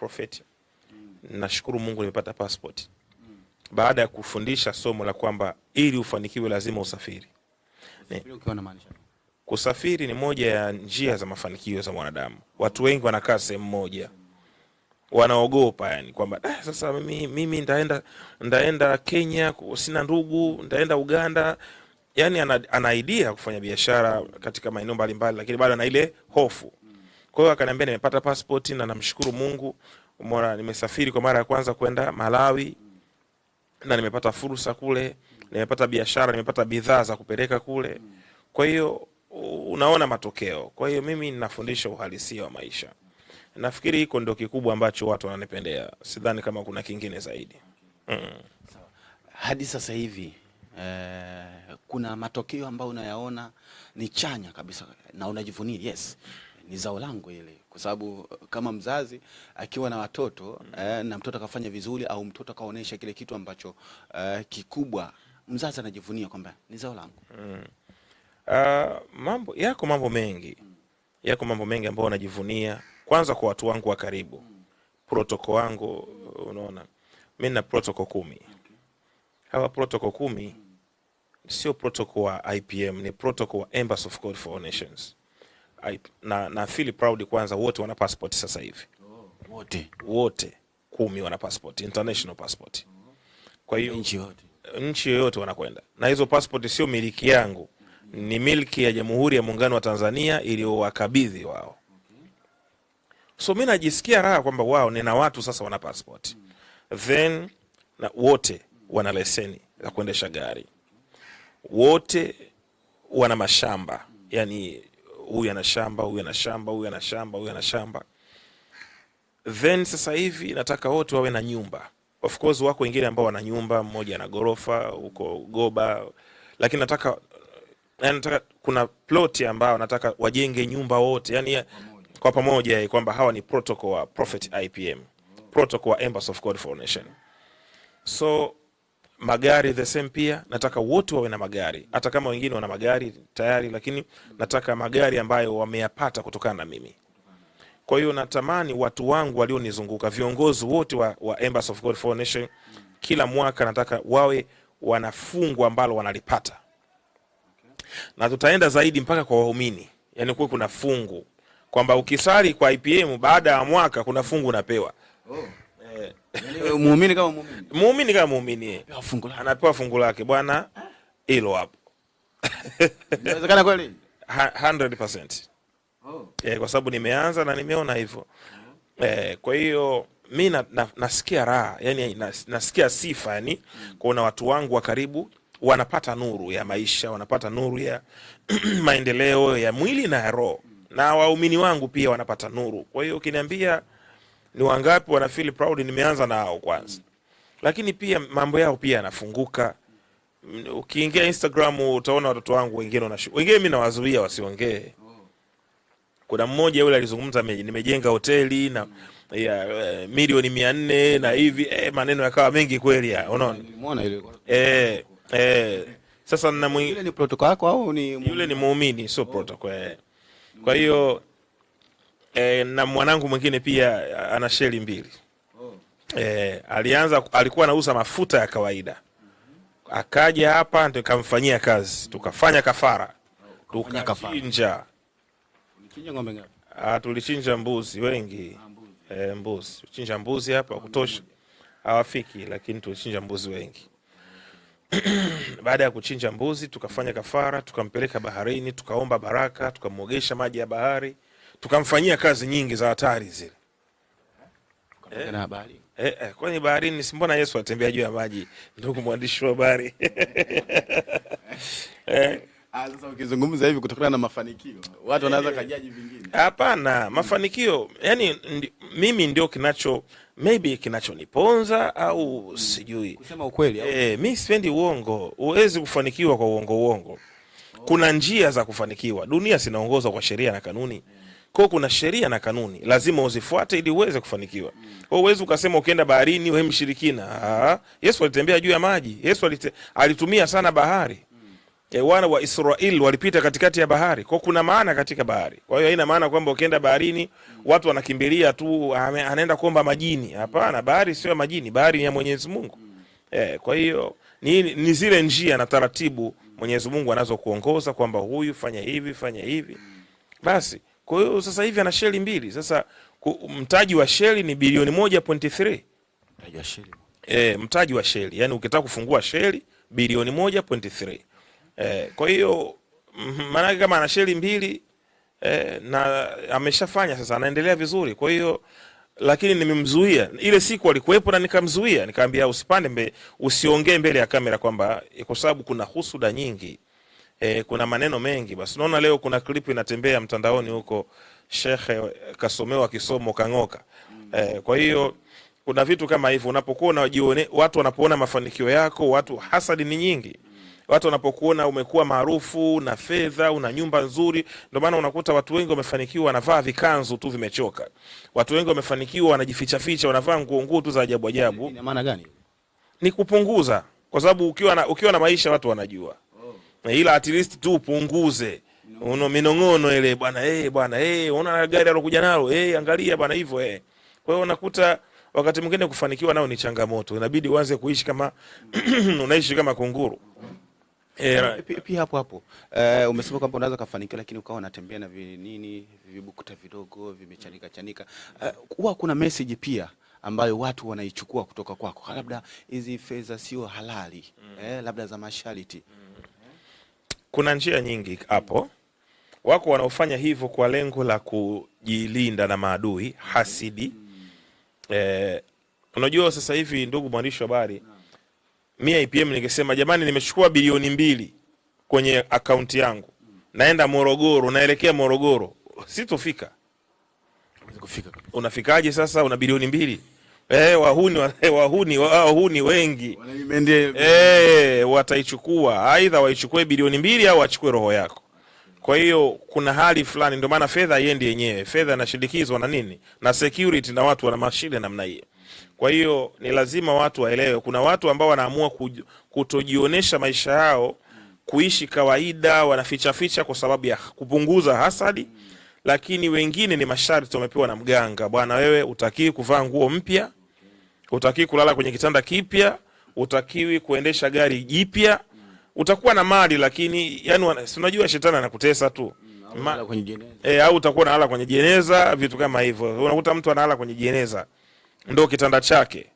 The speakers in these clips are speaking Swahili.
uprofeti. Nashukuru Mungu nimepata passport baada ya kufundisha somo la kwamba ili ufanikiwe lazima usafiri. Kusafiri ni moja ya njia za mafanikio za mwanadamu. Watu wengi wanakaa sehemu moja, wanaogopa yani kwamba ah, sasa mimi, mimi ndaenda, ndaenda Kenya, sina ndugu, ndaenda Uganda. Yani ana, ana idea ya kufanya biashara katika maeneo mbalimbali, lakini bado ana ile hofu kwa hiyo akaniambia nimepata passport na namshukuru Mungu. Umeona, nimesafiri kwa mara ya kwanza kwenda Malawi na nimepata fursa kule, nimepata biashara, nimepata bidhaa za kupeleka kule. Kwa hiyo unaona matokeo. Kwa hiyo mimi ninafundisha uhalisia wa maisha. Nafikiri hiko ndio kikubwa ambacho watu wananipendea, sidhani kama kuna kingine zaidi. Mm. Hadi sasa hivi eh, kuna matokeo ambayo unayaona ni chanya kabisa na unajivunia? Yes ni zao langu ile, kwa sababu eh, kama mzazi akiwa na watoto mm. eh, na mtoto akafanya vizuri au mtoto akaonesha kile kitu ambacho eh, kikubwa, mzazi anajivunia kwamba ni zao langu mm. Uh, mambo yako mambo mengi mm. yako mambo mengi ambayo wanajivunia, kwanza kwa watu wangu wa karibu mm. protoko wangu, unaona mimi na protoko kumi okay. hawa protoko kumi mm. sio protoko wa IPM, ni protoko wa Embassy of God for All Nations I, na, na feel proud kwanza, wote wana passport sasa hivi oh, wote wote kumi wana passport, international passport. Kwa hiyo nchi yoyote wanakwenda na hizo passport, sio miliki yangu, ni miliki ya Jamhuri ya Muungano wa Tanzania iliyowakabidhi wao. So mi najisikia raha kwamba wao nina watu sasa wana passport then na wote wana leseni za kuendesha gari, wote wana mashamba yani huyu ana shamba, huyu ana shamba, huyu ana shamba, huyu ana shamba. Then sasa hivi nataka wote wawe na nyumba. Of course wako wengine ambao wana nyumba, mmoja ana gorofa huko Goba, lakini nataka nataka kuna ploti ambayo nataka wajenge nyumba wote, yani kwa pamoja, kwamba hawa ni protocol wa Prophet IPM, protocol wa Embassy of God for Nation. So magari the same pia, nataka wote wawe na magari, hata kama wengine wana magari tayari, lakini nataka magari ambayo wameyapata kutokana na mimi. Kwa hiyo natamani watu wangu walionizunguka, viongozi wote wa, wa of God Foundation, kila mwaka nataka wawe wana fungu ambalo wanalipata, na tutaenda zaidi mpaka kwa waumini, yani kuwe kuna fungu kwamba ukisali kwa IPM baada ya mwaka kuna fungu unapewa oh. eh, Eh, muumini kama muumini, muumini kama muumini, anapewa fungu lake bwana, hilo hapo. Inawezekana kweli 100%. Oh. Eh, kwa sababu nimeanza na nimeona hivyo. Eh, kwa hiyo mi na, na, nasikia raha yani nas, nasikia sifa yani mm. Kuona watu wangu wa karibu wanapata nuru ya maisha, wanapata nuru ya maendeleo ya mwili na ya roho mm. Na waumini wangu pia wanapata nuru. Kwa hiyo ukiniambia ni wangapi wana feel proud, nimeanza na hao kwanza. Lakini pia mambo yao pia yanafunguka. Ukiingia Instagram utaona watoto wangu wengine wana wengine, mimi nawazuia wasiongee. Kuna mmoja yule alizungumza, nimejenga hoteli na ya eh, milioni mia nne na hivi eh, maneno yakawa mengi kweli. Ya unaona, umeona ile eh eh. Sasa mwingine, yule ni protocol yako au ni yule ni muumini, sio oh. protocol. Eh. Kwa hiyo e, na mwanangu mwingine pia ana sheli mbili E, alianza alikuwa anauza mafuta ya kawaida akaja hapa nikamfanyia kazi tukafanya kafara tukachinja tulichinja mbuzi wengi ah, mbuzi. E, mbuzi chinja mbuzi hapa kutosha hawafiki lakini tulichinja mbuzi wengi baada ya kuchinja mbuzi tukafanya kafara tukampeleka baharini tukaomba baraka tukamwogesha maji ya bahari tukamfanyia kazi nyingi za hatari zile eh, eh, eh, kwani baharini, si mbona Yesu atembea juu ya maji, ndugu mwandishi wa habari eh. Ah, sasa ukizungumza hivi kutokana na mafanikio watu wanaweza kajaji vingine. Hapana, mafanikio yani ndi, mimi ndio kinacho maybe kinachoniponza au hmm, sijui kusema ukweli au eh, mi sipendi uongo. Huwezi kufanikiwa kwa uongo uongo. Kuna njia za kufanikiwa. Dunia zinaongozwa kwa sheria na kanuni yeah kwao kuna sheria na kanuni lazima uzifuate ili uweze kufanikiwa. Kwa uwezi ukasema ukienda baharini wewe mshirikina. Ah, Yesu alitembea juu ya maji. Yesu alite, alitumia sana bahari. E, wana wa israel walipita katikati ya bahari. kwao kuna maana katika bahari. Kwa hiyo haina maana kwamba ukienda baharini watu wanakimbilia tu anaenda kuomba majini. Hapana, bahari sio majini, bahari ni ya Mwenyezi Mungu. E, kwa hiyo ni, ni zile njia na taratibu Mwenyezi Mungu anazokuongoza kwamba huyu fanya hivi, fanya hivi. Basi kwa hiyo sasa hivi ana sheli mbili. Sasa mtaji wa sheli ni bilioni moja pointi 3 mtaji wa sheli e, mtaji wa sheli yani, ukitaka kufungua sheli bilioni moja pointi 3 e, kwa hiyo maanake kama ana sheli mbili e, na ameshafanya sasa, anaendelea vizuri. Kwa hiyo lakini nimemzuia ile siku alikuwepo na nikamzuia, nikaambia usipande mbe, usiongee mbele ya kamera kwamba kwa sababu kuna husuda nyingi e, kuna maneno mengi basi. Unaona leo kuna clip inatembea mtandaoni huko, shekhe eh, kasomewa kisomo kang'oka. E, kwa hiyo kuna vitu kama hivyo unapokuwa unajione, watu wanapoona mafanikio yako, watu hasadi ni nyingi watu wanapokuona umekuwa maarufu, na fedha, una nyumba nzuri. Ndio maana unakuta watu wengi wamefanikiwa wanavaa vikanzu tu vimechoka. Watu wengi wamefanikiwa wanajificha ficha, wanavaa nguo nguo tu za ajabu ajabu. Ni kupunguza, kwa sababu ukiwa na, ukiwa na maisha watu wanajua ila at least tu upunguze uno minong'ono ile bwana, eh bwana, eh unaona gari alokuja nalo, eh angalia bwana, hivyo eh. Kwa hiyo unakuta wakati mwingine kufanikiwa nao ni changamoto, inabidi uanze kuishi kama unaishi kama kunguru. Eh, pia hapo hapo uh, umesema kwamba unaweza kufanikiwa lakini ukawa unatembea na vinini vibukuta vidogo vimechanika chanika. Eh, huwa uh, kuna message pia ambayo watu wanaichukua kutoka kwako, labda hizi fedha sio halali mm. eh, labda za mashariti mm. Kuna njia nyingi hapo. Wako wanaofanya hivyo kwa lengo la kujilinda na maadui hasidi. Eh, unajua sasa hivi, ndugu mwandishi wa habari, mi IPM nikisema jamani, nimechukua bilioni mbili kwenye akaunti yangu, naenda Morogoro, naelekea Morogoro, sitofika. Unafikaje sasa una bilioni mbili? Eh, wahuni eh, wahuni ah, wahuni wengi eh, wataichukua aidha waichukue bilioni mbili au wachukue roho yako. Kwa hiyo kuna hali fulani, ndio maana fedha haiendi yenyewe. Fedha inashindikizwa na nini? Na security na watu wana mashine namna hiyo. Kwa hiyo ni lazima watu waelewe, kuna watu ambao wanaamua kutojionyesha maisha yao, kuishi kawaida, wanafichaficha kwa sababu ya kupunguza hasadi lakini wengine ni masharti wamepewa na mganga, bwana, wewe utakii kuvaa nguo mpya utakiwi kulala kwenye kitanda kipya, utakiwi kuendesha gari jipya. Utakuwa na mali lakini, yani, si unajua shetani anakutesa tu Ma, mm, e, eh, au utakuwa nalala kwenye jeneza, vitu kama hivyo. Unakuta mtu analala kwenye jeneza ndo kitanda chake.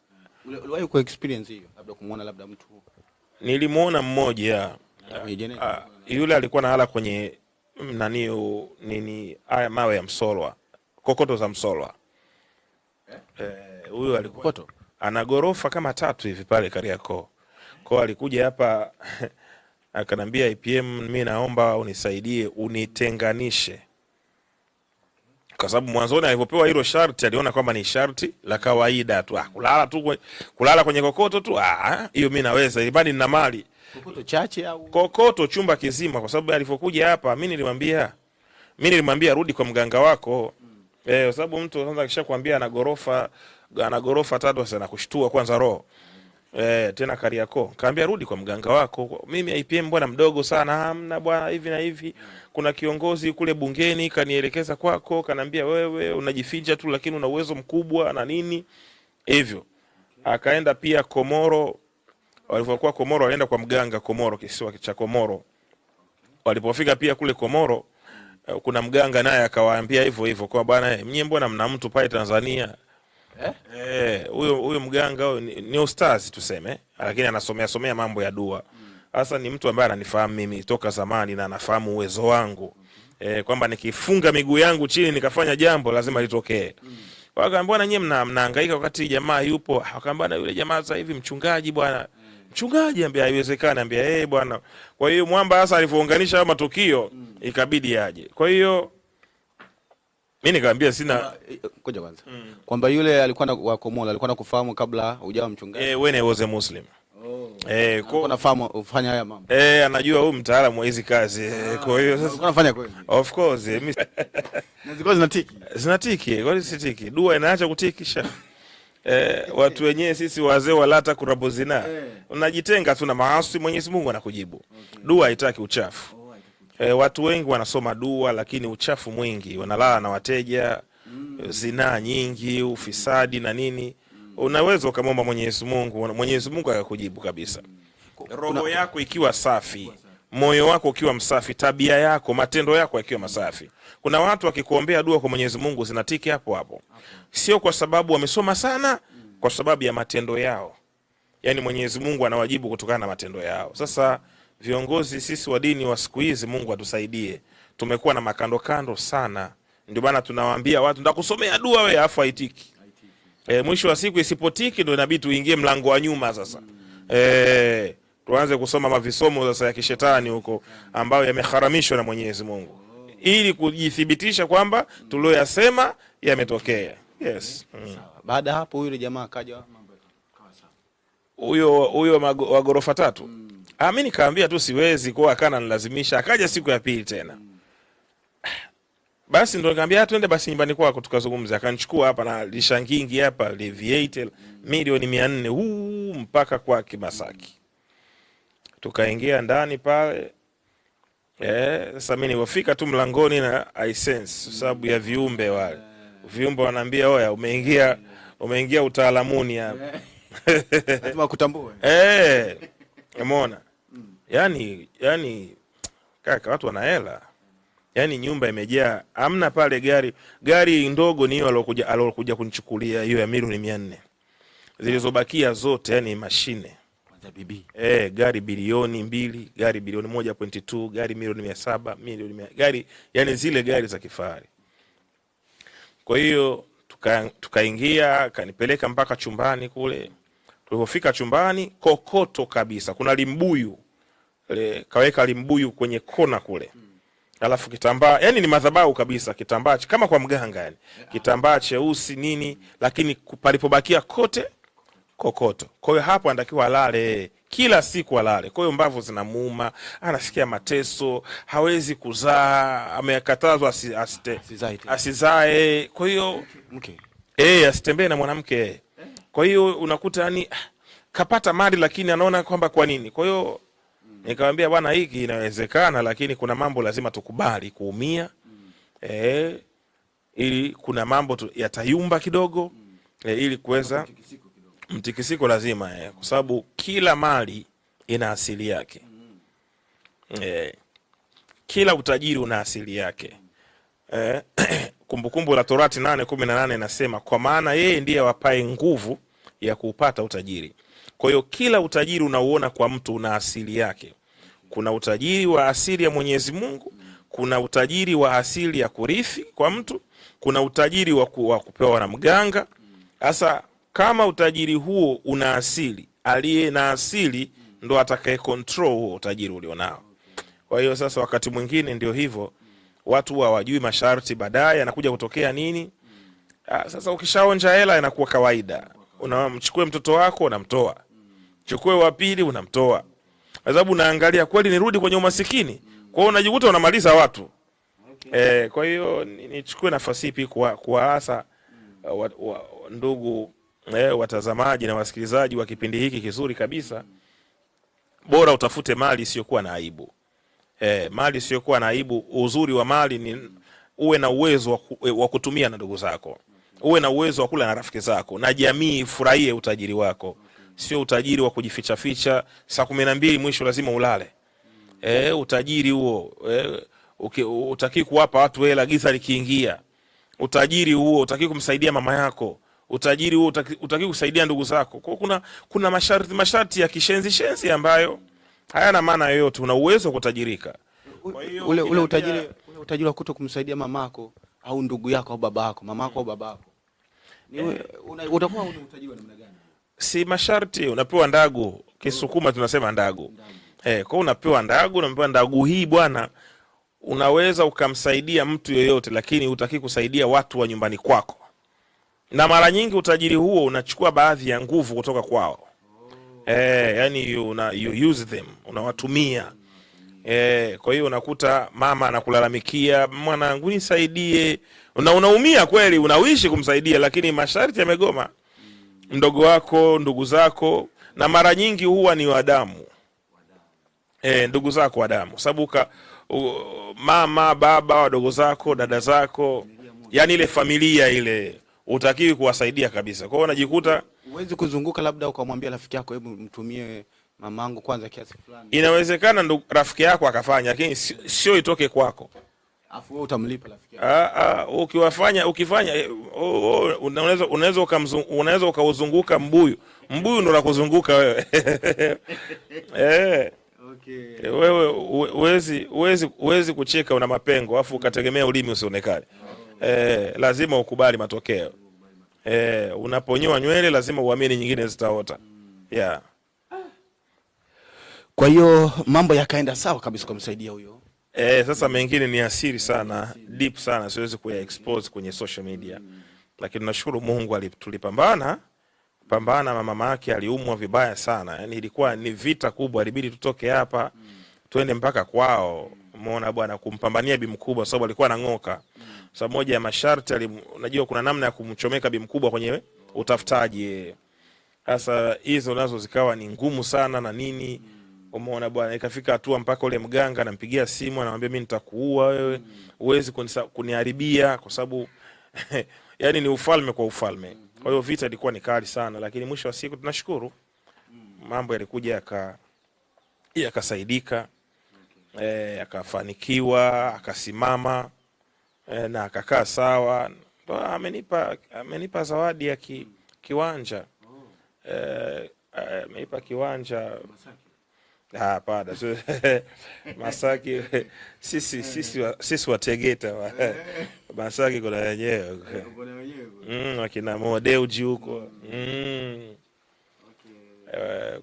Uliwahi ku experience hiyo, labda kumuona, labda mtu nilimuona mmoja ah, yule alikuwa nalala kwenye mm, nani nini, haya mawe ya Msolwa, kokoto za Msolwa eh? Eh, huyo eh? E, alikuwa kokoto ana gorofa kama tatu hivi pale Kariakoo. Kwa alikuja hapa akanambia IPM, mi naomba unisaidie unitenganishe, kwa sababu mwanzoni alivyopewa hilo sharti aliona kwamba ni sharti la kawaida tu, ah, kulala tu, kulala kwenye kokoto tu, ah, ah hiyo mi naweza, ilibadi nina mali kokoto chache au kokoto chumba kizima, kwa sababu alivyokuja hapa mi nilimwambia mi nilimwambia rudi kwa mganga wako, mm. Eh, kwa sababu mtu kwanza kuambia ana gorofa ana gorofa tatu, sasa kushtua kwanza roho E, tena Kariakoo kaambia rudi kwa mganga wako. Mimi IPM bwana mdogo sana, hamna bwana, hivi na hivi. Kuna kiongozi kule bungeni kanielekeza kwako, kanaambia wewe unajificha tu, lakini una uwezo mkubwa na nini hivyo. Akaenda pia Komoro, walipokuwa Komoro alienda kwa mganga Komoro, kisiwa cha Komoro. Walipofika pia kule Komoro, eh, kuna mganga naye akawaambia hivyo hivyo, kwa bwana, eh, nyie mbona mna mtu pale Tanzania eh? eh? Eh, mganga huyo ni, ni ustazi tuseme, lakini anasomea somea mambo ya dua hasa. Ni mtu ambaye ananifahamu mimi toka zamani na anafahamu uwezo wangu eh, kwamba nikifunga miguu yangu chini nikafanya jambo lazima litokee. Wakaambia bwana, nyie mnahangaika wakati jamaa yupo. Wakaambia na yule jamaa sasa hivi mchungaji bwana mchungaji ambia haiwezekani, ambia eh, bwana. Kwa hiyo mwamba hasa alivyounganisha hayo matukio ikabidi aje. Kwa hiyo mi nikawambia sina koja kwanza. Mm. Kwamba yule alikuwa na wakomola alikuwa na kufahamu kabla hujawa mchungaji. Eh, when I was Muslim. Oh. Eh, kwa nafahamu ufanya haya mambo. Eh, anajua huyu mtaalamu wa hizi kazi. Eh, ah, kwa hiyo sasa uko nafanya kweli. Of course. Eh, Mimi Naziko zinatiki. Zinatiki, kwani sitiki. Dua inaacha kutikisha. Eh, watu wenyewe sisi wazee walata kurabu zina. Eh. Unajitenga tu na maasi, Mwenyezi Mungu anakujibu. Okay. Dua haitaki uchafu. Oh. E, watu wengi wanasoma dua lakini uchafu mwingi, wanalala na wateja mm. zinaa nyingi, ufisadi na nini mm. unaweza ukamwomba Mwenyezi Mungu, Mwenyezi Mungu akakujibu kabisa mm. roho yako ikiwa safi, moyo wako ukiwa msafi, tabia yako, matendo yako yakiwa masafi. Kuna watu wakikuombea dua kwa Mwenyezi Mungu zinatiki hapo hapo, sio kwa sababu wamesoma sana, kwa sababu ya matendo yao. Yani Mwenyezi Mungu anawajibu kutokana na matendo yao. Sasa viongozi sisi wa dini wa siku hizi, Mungu atusaidie, tumekuwa na makandokando sana. Ndio maana tunawaambia watu ndakusomea dua we afu haitiki. E, mwisho wa siku isipotiki ndo inabidi tuingie mlango wa nyuma sasa. E, tuanze kusoma mavisomo sasa ya kishetani huko ambayo yameharamishwa na Mwenyezi Mungu ili kujithibitisha kwamba tulioyasema yametokea. Yes. Mm. huyo huyo wa ghorofa tatu. Mm. Ah, mimi nikaambia tu siwezi kuwa kana nilazimisha. Akaja siku ya pili tena. Basi ndo nikamwambia ah, twende basi nyumbani kwako tukazungumza. Akanchukua hapa na lishangingi hapa le milioni mia nne 400 huu mpaka kwake Masaki. Tukaingia ndani pale. Eh, sasa mi nilipofika tu mlangoni na I sababu ya viumbe wale. Viumbe wanaambia oya, umeingia umeingia utaalamuni hapa. Lazima kutambue. Eh. Umeona? Mm. yani yaani, kaka watu wanahela. yani nyumba imejaa. amna pale gari. Gari ndogo ni hiyo alokuja alokuja kunichukulia hiyo ya milioni 400. Zilizobakia zote yani mashine. Kwanza bibi. Eh, gari bilioni mbili, gari bilioni 1.2, gari milioni 700, milioni Gari yani zile gari za kifahari. Kwa hiyo tukaingia tuka kanipeleka mpaka chumbani kule. Tulipofika chumbani kokoto kabisa, kuna limbuyu le, kaweka limbuyu kwenye kona kule, alafu kitambaa, yani ni madhabahu kabisa, kitambaa kama kwa mganga, yani kitambaa cheusi nini, lakini palipobakia kote kokoto. Kwa hiyo hapo anatakiwa alale kila siku alale. Kwa hiyo mbavu zinamuuma, anasikia mateso, hawezi kuzaa, amekatazwa asizae, Kwa hiyo eh, asitembee na mwanamke kwa hiyo unakuta yani kapata mali lakini anaona kwamba kwa nini. Kwa hiyo nikamwambia bwana, hiki inawezekana, lakini kuna mambo lazima tukubali kuumia mm. eh, ili kuna mambo yatayumba kidogo E, ili kuweza mtikisiko lazima eh, kwa sababu kila mali ina asili yake mm. eh, kila utajiri una asili yake eh, Kumbukumbu la Torati 8:18 inasema, kwa maana yeye ndiye awapaye nguvu ya kuupata utajiri. Kwa hiyo kila utajiri unauona kwa mtu una asili yake. Kuna utajiri wa asili ya Mwenyezi Mungu, kuna utajiri wa asili ya kurithi kwa mtu, kuna utajiri wa kupewa na mganga. Sasa kama utajiri huo una asili, aliye na asili ndo atakaye control huo utajiri ulionao. Kwa hiyo sasa, wakati mwingine ndio hivyo watu hawajui masharti, baadaye anakuja kutokea nini? Ah, sasa ukishaonja hela inakuwa kawaida. Unamchukue mtoto wako unamtoa, chukue wa pili unamtoa, kwa sababu unaangalia kweli nirudi kwenye umasikini. Kwa hiyo unajikuta unamaliza watu okay. E, kwa hiyo nichukue nafasi hii kuwaasa uh, wa, wa, ndugu e, watazamaji na wasikilizaji wa kipindi hiki kizuri kabisa, bora utafute mali isiyokuwa na aibu eh, mali isiyokuwa na aibu. Uzuri wa mali ni uwe na uwezo eh, wa kutumia na ndugu zako, uwe na uwezo wa kula na rafiki zako, na jamii ifurahie utajiri wako, sio utajiri wa kujificha ficha. Saa kumi na mbili mwisho lazima ulale. Eh, utajiri huo eh, utaki kuwapa watu hela giza likiingia. Utajiri huo utaki kumsaidia mama yako utajiri huo utaki, utaki kusaidia ndugu zako. Kwa kuna, kuna masharti, masharti ya kishenzi shenzi ambayo hayana maana yoyote. Una uwezo wa kutajirika. ule, ule utajiri ule utajiri wa kuto kumsaidia mamako au ndugu yako au baba yako mamako au baba yako eh, utakuwa una utajiri wa namna gani? Si masharti unapewa ndagu. Kisukuma tunasema ndagu, ndagu. Eh, kwa unapewa ndagu, unapewa ndagu hii bwana, unaweza ukamsaidia mtu yoyote, lakini hutaki kusaidia watu wa nyumbani kwako, na mara nyingi utajiri huo unachukua baadhi ya nguvu kutoka kwao eh, yani you, una, you use them unawatumia eh. Kwa hiyo unakuta mama anakulalamikia mwanangu, nisaidie, na unaumia kweli, unawishi kumsaidia, lakini masharti yamegoma. Mdogo wako, ndugu zako, na mara nyingi huwa ni wadamu e, ndugu zako wadamu, sababu mama, baba, wadogo zako, dada zako, yani ile familia ile utakiwi kuwasaidia kabisa. Kwa hiyo unajikuta Huwezi kuzunguka labda ukamwambia rafiki yako, hebu mtumie mamangu kwanza kiasi fulani. Inawezekana ndo rafiki yako akafanya, lakini sio itoke kwako, afu wewe utamlipa rafiki yako. Ah, ah, ukiwafanya ukifanya, eh, oh, oh, unaweza unaweza unaweza ukauzunguka mbuyu, mbuyu ndo nakuzunguka wewe eh Okay. Wewe uwezi uwezi uwezi kucheka, una mapengo afu ukategemea ulimi usionekane. Oh. Eh, lazima ukubali matokeo. Eh, unaponyoa nywele lazima uamini nyingine zitaota yeah. Kwa hiyo mambo yakaenda sawa kabisa msaidia huyo Eh, Sasa mengine ni asiri sana deep sana, siwezi kuya expose kwenye social media, lakini nashukuru Mungu tulipambana pambana. Mama yake aliumwa vibaya sana, yani ilikuwa ni vita kubwa, ilibidi tutoke hapa twende mpaka kwao umeona bwana, kumpambania bi mkubwa, sababu alikuwa anang'oka. Sababu moja ya masharti unajua, kuna namna ya kumchomeka bi mkubwa kwenye utafutaji. Sasa hizo nazo zikawa ni ngumu sana na nini, umeona bwana, ikafika hatua mpaka ule mganga anampigia simu, anamwambia mimi nitakuua wewe, huwezi kuniharibia kwa sababu yani ni ufalme kwa ufalme. Kwa hiyo vita ilikuwa ni kali sana, lakini mwisho wa siku tunashukuru mambo yalikuja yakasaidika e, akafanikiwa akasimama e, na akakaa sawa. Ndo amenipa amenipa zawadi ya ki, kiwanja amenipa eh, e, amenipa kiwanja Hapana, Masaki sisi sisi sisi Wategeta wa, Masaki kuna wenyewe mm, wakina Modeuji huko mm.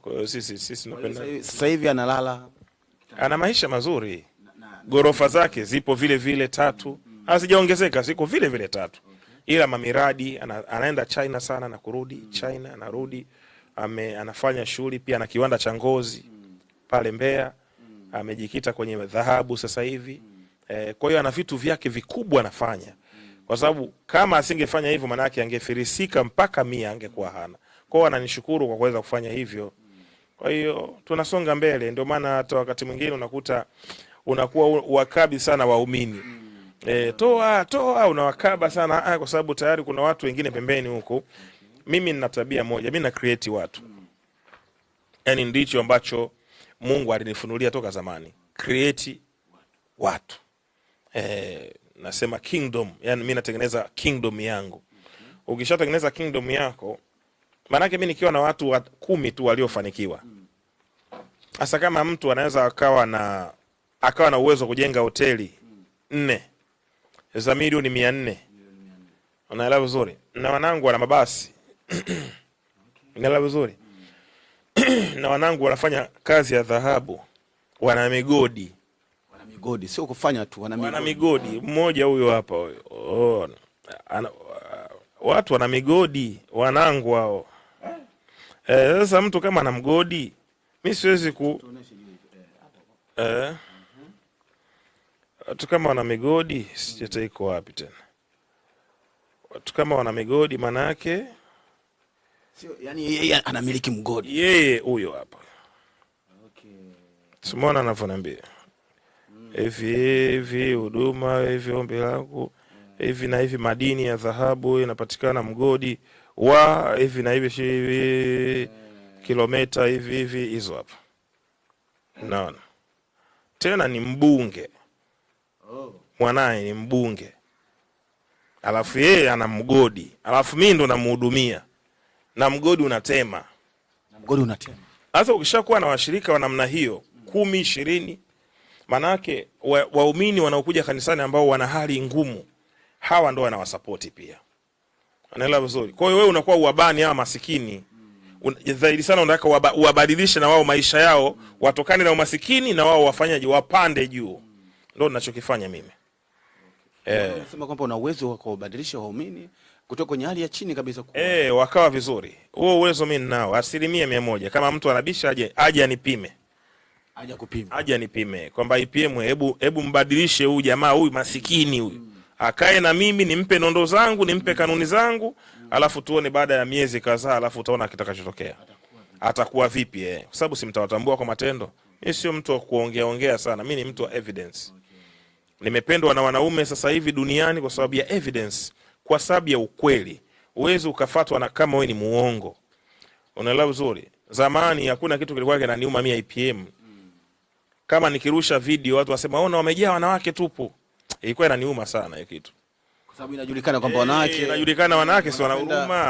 Kwa hiyo sisi sisi napenda sasa hivi analala ana maisha mazuri, ghorofa zake zipo vile vile tatu, hazijaongezeka, ziko vile vile tatu, ila mamiradi ana, anaenda China sana na kurudi China, anarudi ame, anafanya shughuli pia, na kiwanda cha ngozi pale Mbeya, amejikita kwenye dhahabu sasa hivi e, kwa hiyo ana vitu vyake vikubwa anafanya, kwa sababu kama asingefanya hivyo, maanake angefirisika mpaka mia angekuwa hana. kwao. ananishukuru kwa kuweza kufanya hivyo. Kwa hiyo tunasonga mbele, ndio maana hata wakati mwingine unakuta unakuwa wakabi sana waumini e, toa toa, unawakaba sana ah, kwa sababu tayari kuna watu wengine pembeni huko. Mimi nina tabia moja, mimi na create watu, yaani ndicho ambacho Mungu alinifunulia toka zamani, create watu e, nasema kingdom, yani mimi natengeneza kingdom yangu. Ukishatengeneza kingdom yako, maanake mimi nikiwa na watu wa kumi tu waliofanikiwa mm hasa kama mtu anaweza akawa na akawa na uwezo wa kujenga hoteli nne za milioni mia nne unaelewa vizuri, na wanangu wana mabasi unaelewa vizuri na wanangu wanafanya kazi ya dhahabu, wana migodi, wana migodi, sio kufanya tu, wana migodi, wana migodi. Mmoja huyo hapa huyo, oh, watu wana migodi wanangu hao. Eh, sasa mtu kama ana mgodi mi siwezi ku eh? eh, watu kama wana migodi sijata iko wapi tena? Watu kama wana migodi maana yake sio, yani yeye anamiliki mgodi yeye, huyo hapa okay. Simona anavyoniambia mm. hivi hivi huduma hivi ombi langu hivi na hivi, madini ya dhahabu inapatikana mgodi wa hivi na hivi hivi eh kilomita hivi hivi hizo hapa, naona tena ni mbunge mwanaye ni mbunge, alafu yeye ana mgodi, alafu mi ndo namhudumia na mgodi unatema, hasa ukishakuwa na washirika wa namna hiyo kumi ishirini, manake waumini wa wanaokuja kanisani ambao wana hali ngumu, hawa ndo wanawasapoti pia, anaelewa vizuri. Kwa hiyo wewe unakuwa uabani hawa masikini zaidi sana unataka uwabadilishe na wao maisha yao watokane na umasikini na wao wafanyaje, wapande juu. ndo nachokifanya mimi. Eh, kwamba una uwezo wa kuwabadilisha waumini kutoka kwenye hali ya chini kabisa kuwa eh, wakawa vizuri. Huo uwezo mimi ninao asilimia mia moja. Kama mtu anabisha aje, aje anipime, aje kupima, aje anipime kwamba IPM, hebu hebu mbadilishe huyu jamaa huyu masikini huyu akae na mimi nimpe nondo zangu nimpe kanuni zangu, alafu tuone baada ya miezi kadhaa, alafu utaona kitakachotokea atakuwa vipi eh, kwa sababu simtawatambua kwa matendo. Mimi sio mtu wa kuongea sana, mi ni mtu wa evidence. Nimependwa na wanaume sasa hivi duniani kwa sababu ya evidence, kwa sababu ya ukweli. Uwezi ukafatwa na kama we ni muongo, unaelewa vizuri. Zamani hakuna kitu kilikuwa kinaniuma mimi IPM, kama nikirusha video watu wasema ona, wamejaa wanawake tupu ilikuwa inaniuma sana hiyo kitu, kwa sababu inajulikana kwamba wanawake, eh, inajulikana wanawake si wana huruma.